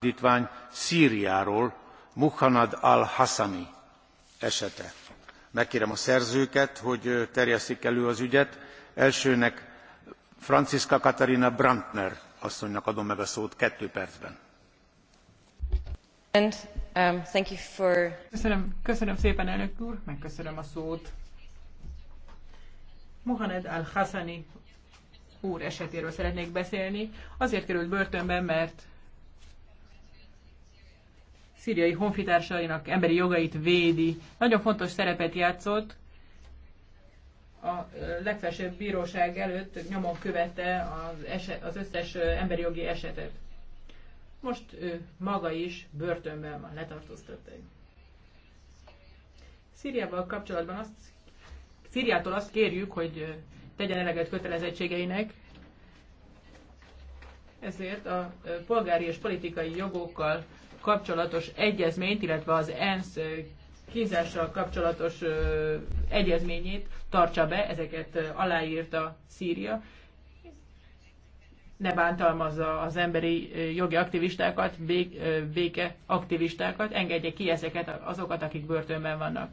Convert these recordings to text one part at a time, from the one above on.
indtvány szriáról muhannad al hasszani esete. megkérem a szerzőket hogy terjesszék elő az ügyet elsőnek franziska katarina brantner asszonynak adom meg a szót two percben. Um, köszönöm, köszönöm szépen, elnök úr, megköszönöm a szót. Mohamed al-Hassani úr esetéről szeretnék beszélni. Azért került börtönbe, mert szíriai honfitársainak emberi jogait védi. Nagyon fontos szerepet játszott, a legfelsőbb bíróság előtt nyomon követte az, eset, az összes emberi jogi esetet. Most ő maga is börtönben van, letartóztatták. Szíriával kapcsolatban azt, Szíriától azt kérjük, hogy tegyen eleget kötelezettségeinek, ezért a polgári és politikai jogokkal kapcsolatos egyezményt, illetve az ENSZ kínzással kapcsolatos egyezményét tartsa be, ezeket aláírta Szíria, ne bántalmazza az emberi jogi aktivistákat, béke aktivistákat, engedje ki ezeket azokat, akik börtönben vannak.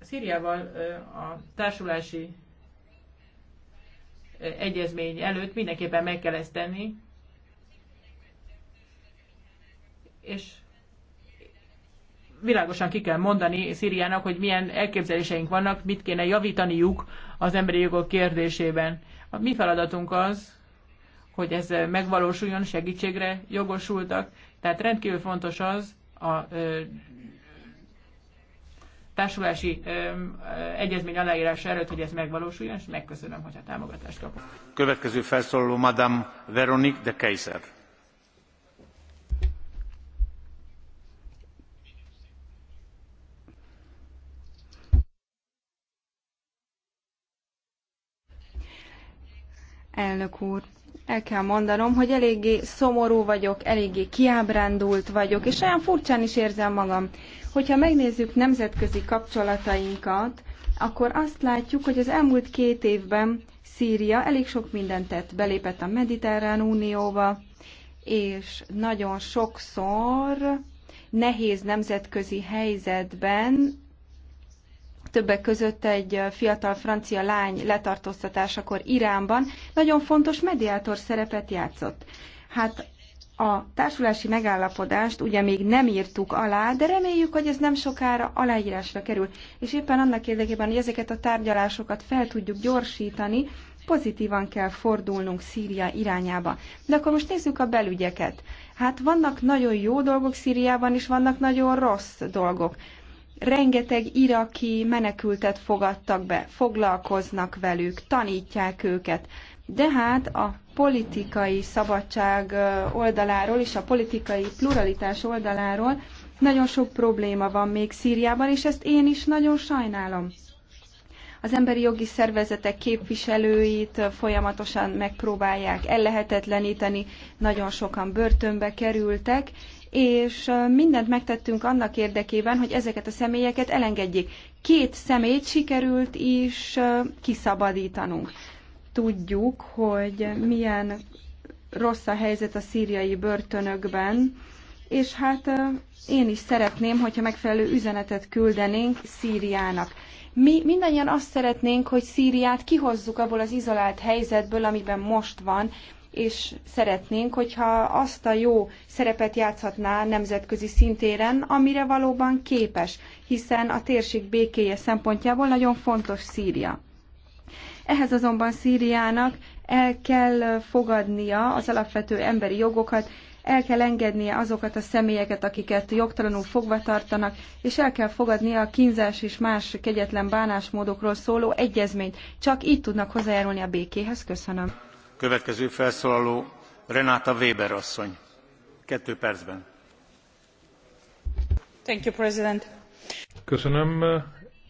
Szíriával a társulási egyezmény előtt mindenképpen meg kell ezt tenni, és világosan ki kell mondani Szíriának, hogy milyen elképzeléseink vannak, mit kéne javítaniuk az emberi jogok kérdésében. A mi feladatunk az, hogy ez megvalósuljon, segítségre jogosultak. Tehát rendkívül fontos az a ö, társulási ö, ö, egyezmény aláírása előtt, hogy ez megvalósuljon, és megköszönöm, hogy a támogatást kapok. Következő felszólaló Madame Veronique de Keiser. Elnök úr, el kell mondanom, hogy eléggé szomorú vagyok, eléggé kiábrándult vagyok, és olyan furcsán is érzem magam. Hogyha megnézzük nemzetközi kapcsolatainkat, akkor azt látjuk, hogy az elmúlt két évben Szíria elég sok mindent tett, belépett a Mediterrán Unióba, és nagyon sokszor nehéz nemzetközi helyzetben többek között egy fiatal francia lány letartóztatásakor Iránban nagyon fontos mediátor szerepet játszott. Hát a társulási megállapodást ugye még nem írtuk alá, de reméljük, hogy ez nem sokára aláírásra kerül. És éppen annak érdekében, hogy ezeket a tárgyalásokat fel tudjuk gyorsítani, pozitívan kell fordulnunk Szíria irányába. De akkor most nézzük a belügyeket. Hát vannak nagyon jó dolgok Szíriában, és vannak nagyon rossz dolgok. Rengeteg iraki menekültet fogadtak be, foglalkoznak velük, tanítják őket. De hát a politikai szabadság oldaláról és a politikai pluralitás oldaláról nagyon sok probléma van még Szíriában, és ezt én is nagyon sajnálom. Az emberi jogi szervezetek képviselőit folyamatosan megpróbálják ellehetetleníteni, nagyon sokan börtönbe kerültek, és mindent megtettünk annak érdekében, hogy ezeket a személyeket elengedjék. Két szemét sikerült is kiszabadítanunk. Tudjuk, hogy milyen rossz a helyzet a szíriai börtönökben, és hát én is szeretném, hogyha megfelelő üzenetet küldenénk Szíriának. Mi mindannyian azt szeretnénk, hogy Szíriát kihozzuk abból az izolált helyzetből, amiben most van, és szeretnénk, hogyha azt a jó szerepet játszhatná nemzetközi szintéren, amire valóban képes, hiszen a térség békéje szempontjából nagyon fontos Szíria. Ehhez azonban Szíriának el kell fogadnia az alapvető emberi jogokat, el kell engednie azokat a személyeket, akiket jogtalanul fogva tartanak, és el kell fogadnia a kínzás és más kegyetlen bánásmódokról szóló egyezményt. Csak így tudnak hozzájárulni a békéhez. Köszönöm. Következő felszólaló Renáta Weber asszony. Kettő percben. Thank you, President. Köszönöm,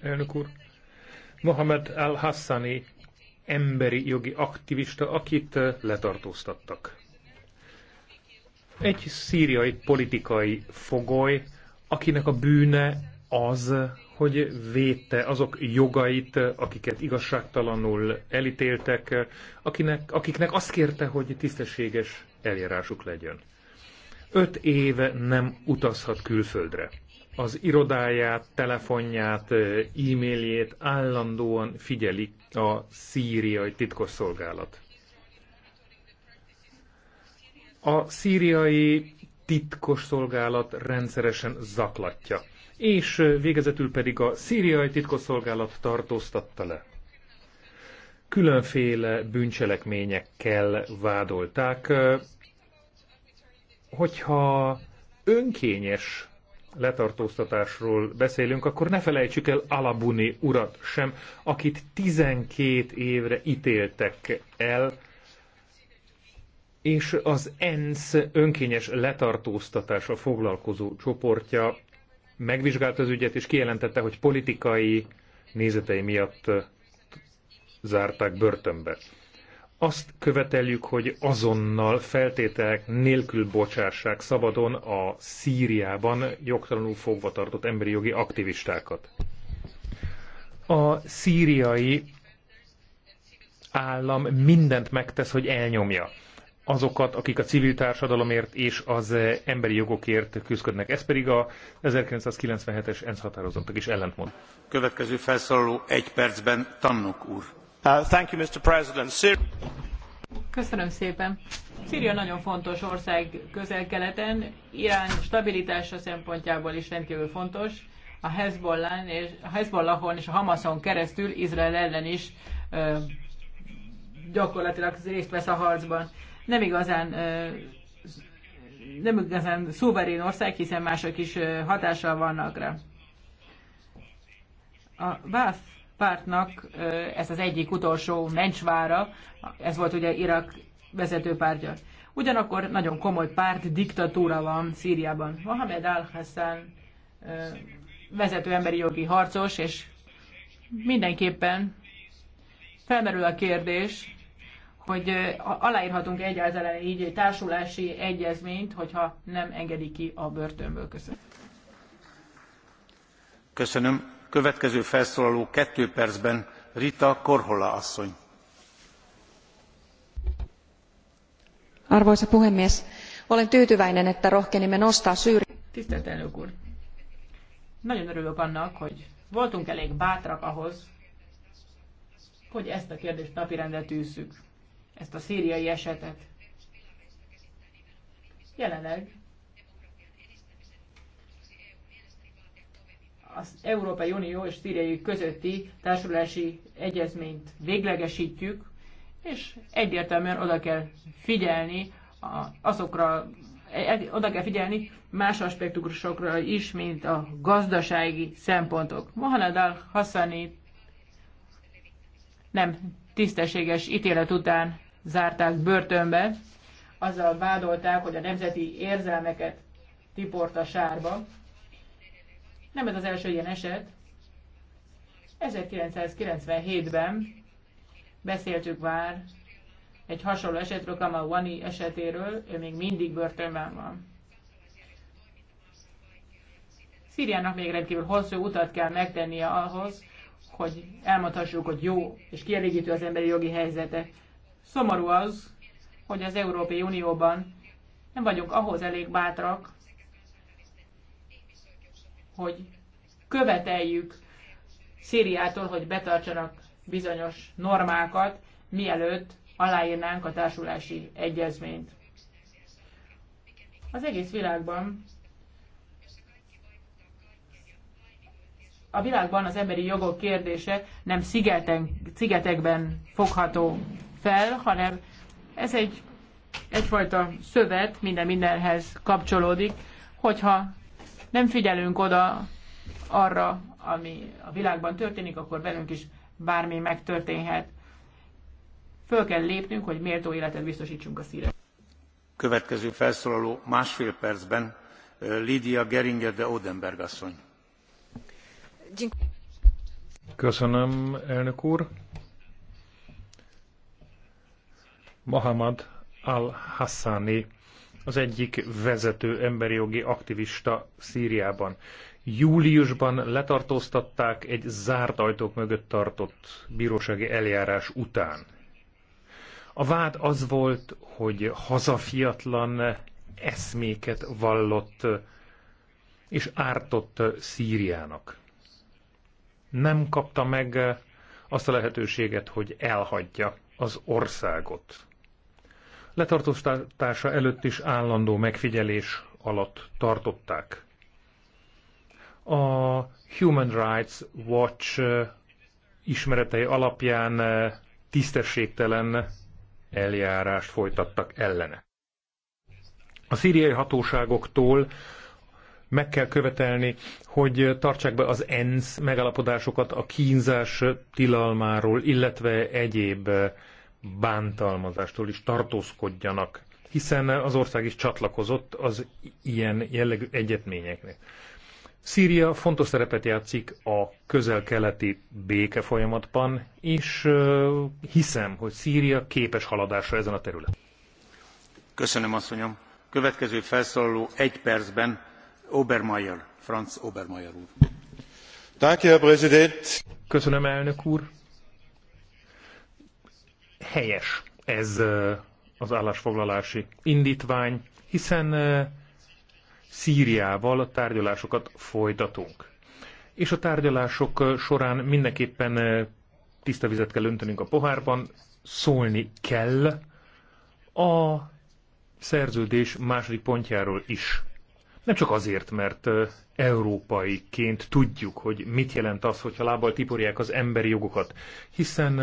elnök úr. Mohamed al-Hassani emberi jogi aktivista, akit letartóztattak. Egy szíriai politikai fogoly, akinek a bűne az, hogy védte azok jogait, akiket igazságtalanul elítéltek, akinek, akiknek azt kérte, hogy tisztességes eljárásuk legyen. Öt éve nem utazhat külföldre. Az irodáját, telefonját, e-mailjét állandóan figyeli a szíriai titkosszolgálat a szíriai titkos szolgálat rendszeresen zaklatja, és végezetül pedig a szíriai titkos szolgálat tartóztatta le. Különféle bűncselekményekkel vádolták, hogyha önkényes letartóztatásról beszélünk, akkor ne felejtsük el Alabuni urat sem, akit 12 évre ítéltek el és az ENSZ önkényes letartóztatása foglalkozó csoportja megvizsgálta az ügyet, és kijelentette, hogy politikai nézetei miatt zárták börtönbe. Azt követeljük, hogy azonnal feltételek nélkül bocsássák szabadon a Szíriában jogtalanul fogvatartott emberi jogi aktivistákat. A szíriai állam mindent megtesz, hogy elnyomja azokat, akik a civil társadalomért és az eh, emberi jogokért küzdködnek. Ez pedig a 1997-es ENSZ határozottak is ellentmond. Következő felszólaló egy percben Tannok úr. Uh, thank you, Mr. President. Sir- Köszönöm szépen. Szíria nagyon fontos ország közel-keleten, Irán stabilitása szempontjából is rendkívül fontos. A Hezbollán és, a Hezbollahon és a Hamason keresztül Izrael ellen is ö, gyakorlatilag részt vesz a harcban nem igazán nem igazán szuverén ország, hiszen mások is hatással vannak rá. A Bath pártnak ez az egyik utolsó mencsvára, ez volt ugye Irak vezető pártja. Ugyanakkor nagyon komoly párt diktatúra van Szíriában. Mohamed al-Hassan vezető emberi jogi harcos, és mindenképpen felmerül a kérdés, hogy aláírhatunk egyáltalán így egy társulási egyezményt, hogyha nem engedik ki a börtönből. Köszönöm. Köszönöm. Következő felszólaló kettő percben Rita Korhola asszony. Arvoisa puhemies, olen tyytyväinen, että rohkenimme nostaa Syyrian. Tisztelt elnök úr! Nagyon örülök annak, hogy voltunk elég bátrak ahhoz, hogy ezt a kérdést napirendre tűzzük ezt a szíriai esetet. Jelenleg az Európai Unió és Szíriai közötti társulási egyezményt véglegesítjük, és egyértelműen oda kell figyelni azokra, e, e, oda kell figyelni más aspektusokra is, mint a gazdasági szempontok. Mohamed al-Hassani nem tisztességes ítélet után zárták börtönbe, azzal vádolták, hogy a nemzeti érzelmeket tiport a sárba. Nem ez az első ilyen eset. 1997-ben beszéltük már egy hasonló esetről, Wani esetéről, ő még mindig börtönben van. Szíriának még rendkívül hosszú utat kell megtennie ahhoz, hogy elmondhassuk, hogy jó és kielégítő az emberi jogi helyzete. Szomorú az, hogy az Európai Unióban nem vagyunk ahhoz elég bátrak, hogy követeljük Szíriától, hogy betartsanak bizonyos normákat, mielőtt aláírnánk a társulási egyezményt. Az egész világban a világban az emberi jogok kérdése nem szigeten, szigetekben fogható fel, hanem ez egy egyfajta szövet, minden mindenhez kapcsolódik, hogyha nem figyelünk oda arra, ami a világban történik, akkor velünk is bármi megtörténhet. Föl kell lépnünk, hogy méltó életet biztosítsunk a szíre. Következő felszólaló másfél percben Lídia Geringer de Odenberg asszony. Köszönöm, elnök úr. Mohamed al-Hassani, az egyik vezető emberi jogi aktivista Szíriában. Júliusban letartóztatták egy zárt ajtók mögött tartott bírósági eljárás után. A vád az volt, hogy hazafiatlan eszméket vallott és ártott Szíriának. Nem kapta meg azt a lehetőséget, hogy elhagyja az országot letartóztatása előtt is állandó megfigyelés alatt tartották. A Human Rights Watch ismeretei alapján tisztességtelen eljárást folytattak ellene. A szíriai hatóságoktól meg kell követelni, hogy tartsák be az ENSZ megalapodásokat a kínzás tilalmáról, illetve egyéb bántalmazástól is tartózkodjanak, hiszen az ország is csatlakozott az ilyen jellegű egyetményeknek. Szíria fontos szerepet játszik a közel-keleti béke folyamatban, és hiszem, hogy Szíria képes haladásra ezen a területen. Köszönöm, asszonyom. Következő felszólaló egy percben Obermeier, Franz Obermeier úr. Köszönöm, elnök úr helyes ez az állásfoglalási indítvány, hiszen Szíriával a tárgyalásokat folytatunk. És a tárgyalások során mindenképpen tiszta vizet kell öntenünk a pohárban, szólni kell a szerződés második pontjáról is. Nem csak azért, mert európaiként tudjuk, hogy mit jelent az, hogyha lábbal tiporják az emberi jogokat, hiszen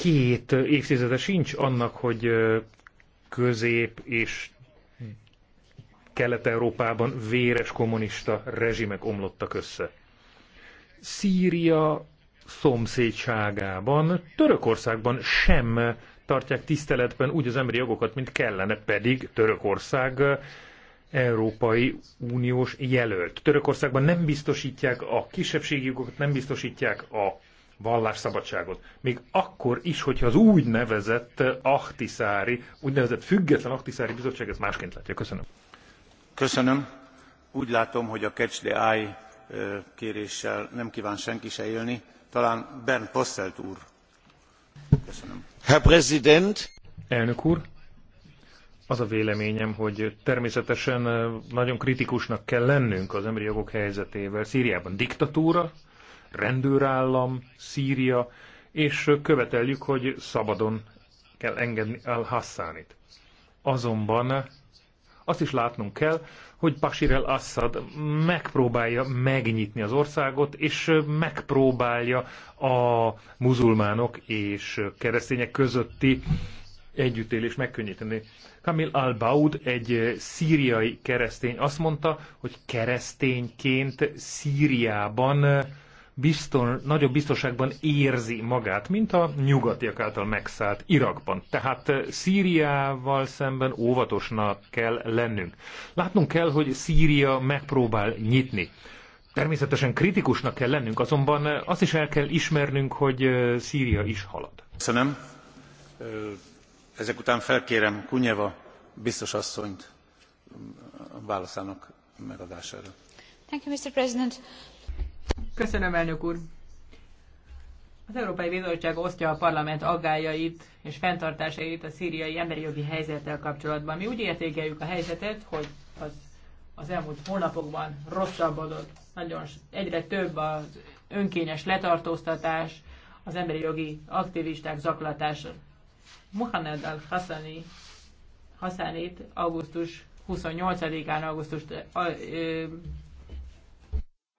két évtizede sincs annak, hogy közép és Kelet-Európában véres kommunista rezsimek omlottak össze. Szíria szomszédságában, Törökországban sem tartják tiszteletben úgy az emberi jogokat, mint kellene, pedig Törökország Európai Uniós jelölt. Törökországban nem biztosítják a kisebbségi jogokat, nem biztosítják a vallásszabadságot. Még akkor is, hogyha az úgynevezett Ahtiszári, úgynevezett független Ahtiszári bizottság ezt másként látja. Köszönöm. Köszönöm. Úgy látom, hogy a Catch the Eye kéréssel nem kíván senki se élni. Talán Bernd Posselt úr. Köszönöm. Herr Präsident! Elnök úr! Az a véleményem, hogy természetesen nagyon kritikusnak kell lennünk az emberi jogok helyzetével. Szíriában diktatúra, rendőrállam, Szíria, és követeljük, hogy szabadon kell engedni el Hassanit. Azonban azt is látnunk kell, hogy Bashir el-Assad megpróbálja megnyitni az országot, és megpróbálja a muzulmánok és keresztények közötti együttélés megkönnyíteni. Kamil al-Baud, egy szíriai keresztény azt mondta, hogy keresztényként Szíriában bizton, nagyobb biztonságban érzi magát, mint a nyugatiak által megszállt Irakban. Tehát eh, Szíriával szemben óvatosnak kell lennünk. Látnunk kell, hogy Szíria megpróbál nyitni. Természetesen kritikusnak kell lennünk, azonban eh, azt is el kell ismernünk, hogy eh, Szíria is halad. Köszönöm. Ezek után felkérem Kunyeva biztos asszonyt válaszának megadására. Thank you, Mr. President. Köszönöm, elnök úr. Az Európai Bizottság osztja a parlament aggájait és fenntartásait a szíriai emberi jogi helyzettel kapcsolatban. Mi úgy értékeljük a helyzetet, hogy az, az elmúlt hónapokban rosszabbodott. Nagyon egyre több az önkényes letartóztatás, az emberi jogi aktivisták zaklatása. Mohamed al-Hassani Hassanit augusztus 28-án augusztus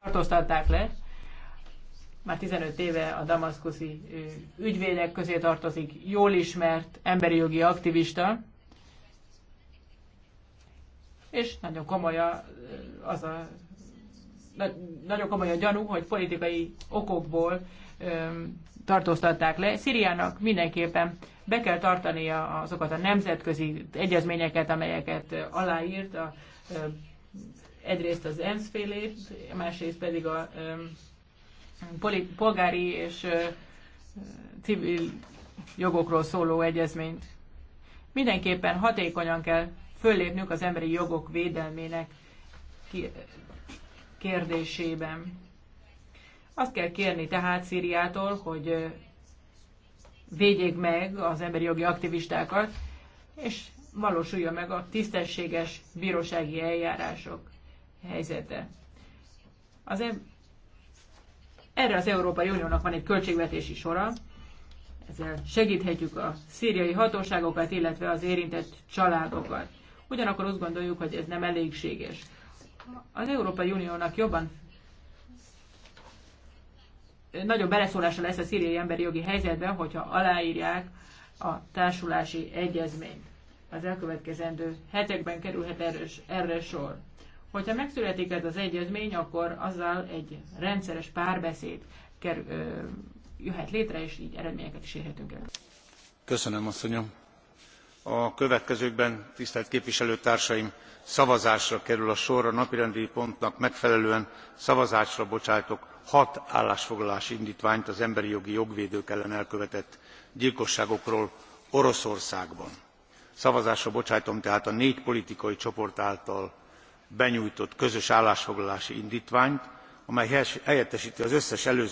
tartóztatták le, már 15 éve a damaszkuszi ügyvédek közé tartozik, jól ismert emberi jogi aktivista, és nagyon komoly a, az a nagyon komoly a gyanú, hogy politikai okokból öm, tartóztatták le. Szíriának mindenképpen be kell tartania azokat a nemzetközi egyezményeket, amelyeket aláírt a egyrészt az ENSZ félét, másrészt pedig a polgári és civil jogokról szóló egyezményt. Mindenképpen hatékonyan kell föllépnünk az emberi jogok védelmének kérdésében. Azt kell kérni tehát Szíriától, hogy védjék meg az emberi jogi aktivistákat, és valósulja meg a tisztességes bírósági eljárások helyzete. Az e- erre az Európai Uniónak van egy költségvetési sora, ezzel segíthetjük a szíriai hatóságokat, illetve az érintett családokat. Ugyanakkor azt gondoljuk, hogy ez nem elégséges. Az Európai Uniónak jobban nagyobb beleszólása lesz a szíriai emberi jogi helyzetben, hogyha aláírják a társulási egyezményt. Az elkövetkezendő hetekben kerülhet erre, erre sor. Hogyha megszületik ez az egyezmény, akkor azzal egy rendszeres párbeszéd kerül, jöhet létre, és így eredményeket is érhetünk el. Köszönöm, asszonyom. A következőkben, tisztelt képviselőtársaim, szavazásra kerül a sor a napirendi pontnak megfelelően szavazásra bocsájtok hat állásfoglalási indítványt az emberi jogi jogvédők ellen elkövetett gyilkosságokról oroszországban. szavazásra bocsájtom tehát a négy politikai csoport által benyújtott közös állásfoglalási indtványt amely helyettesti az összes előző.